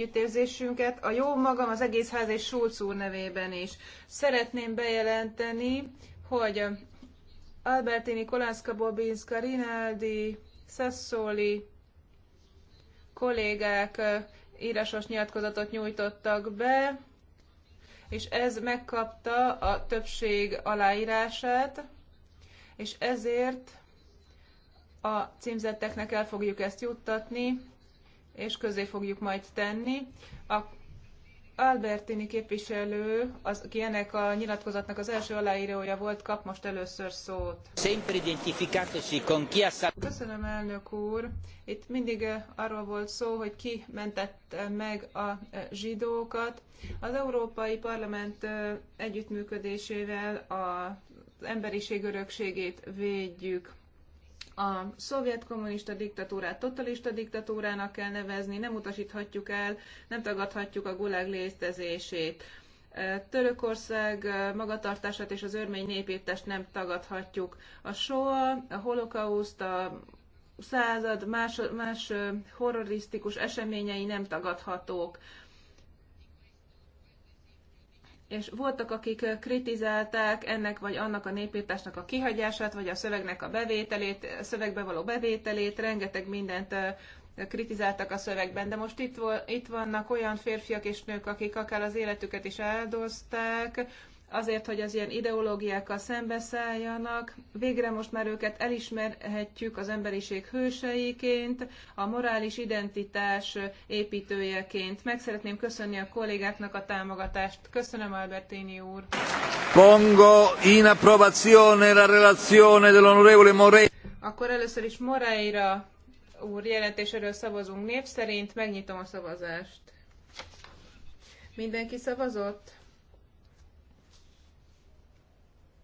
együttérzésünket, a jó magam az egész ház és Schulz úr nevében is. Szeretném bejelenteni, hogy Albertini, Kolászka, Bobinska, Rinaldi, Sassoli kollégák írásos nyilatkozatot nyújtottak be, és ez megkapta a többség aláírását, és ezért a címzetteknek el fogjuk ezt juttatni, és közé fogjuk majd tenni. A Albertini képviselő, az, aki ennek a nyilatkozatnak az első aláírója volt, kap most először szót. Köszönöm, elnök úr. Itt mindig eh, arról volt szó, hogy ki mentette meg a eh, zsidókat. Az Európai Parlament eh, együttműködésével az emberiség örökségét védjük a szovjet kommunista diktatúrát totalista diktatúrának kell nevezni, nem utasíthatjuk el, nem tagadhatjuk a gulag létezését. Törökország magatartását és az örmény népétest nem tagadhatjuk. A soa, a holokauszt, a század más, más horrorisztikus eseményei nem tagadhatók és voltak, akik kritizálták ennek vagy annak a népírtásnak a kihagyását, vagy a szövegnek a bevételét, a szövegbe való bevételét, rengeteg mindent kritizáltak a szövegben, de most itt, itt vannak olyan férfiak és nők, akik akár az életüket is áldozták, azért, hogy az ilyen ideológiákkal szembeszálljanak. Végre most már őket elismerhetjük az emberiség hőseiként, a morális identitás építőjeként. Meg szeretném köszönni a kollégáknak a támogatást. Köszönöm, Albertini úr. Pongo in approvazione la relazione dell'onorevole Morei. Akkor először is Moreira úr jelentéséről szavazunk név szerint. Megnyitom a szavazást. Mindenki szavazott?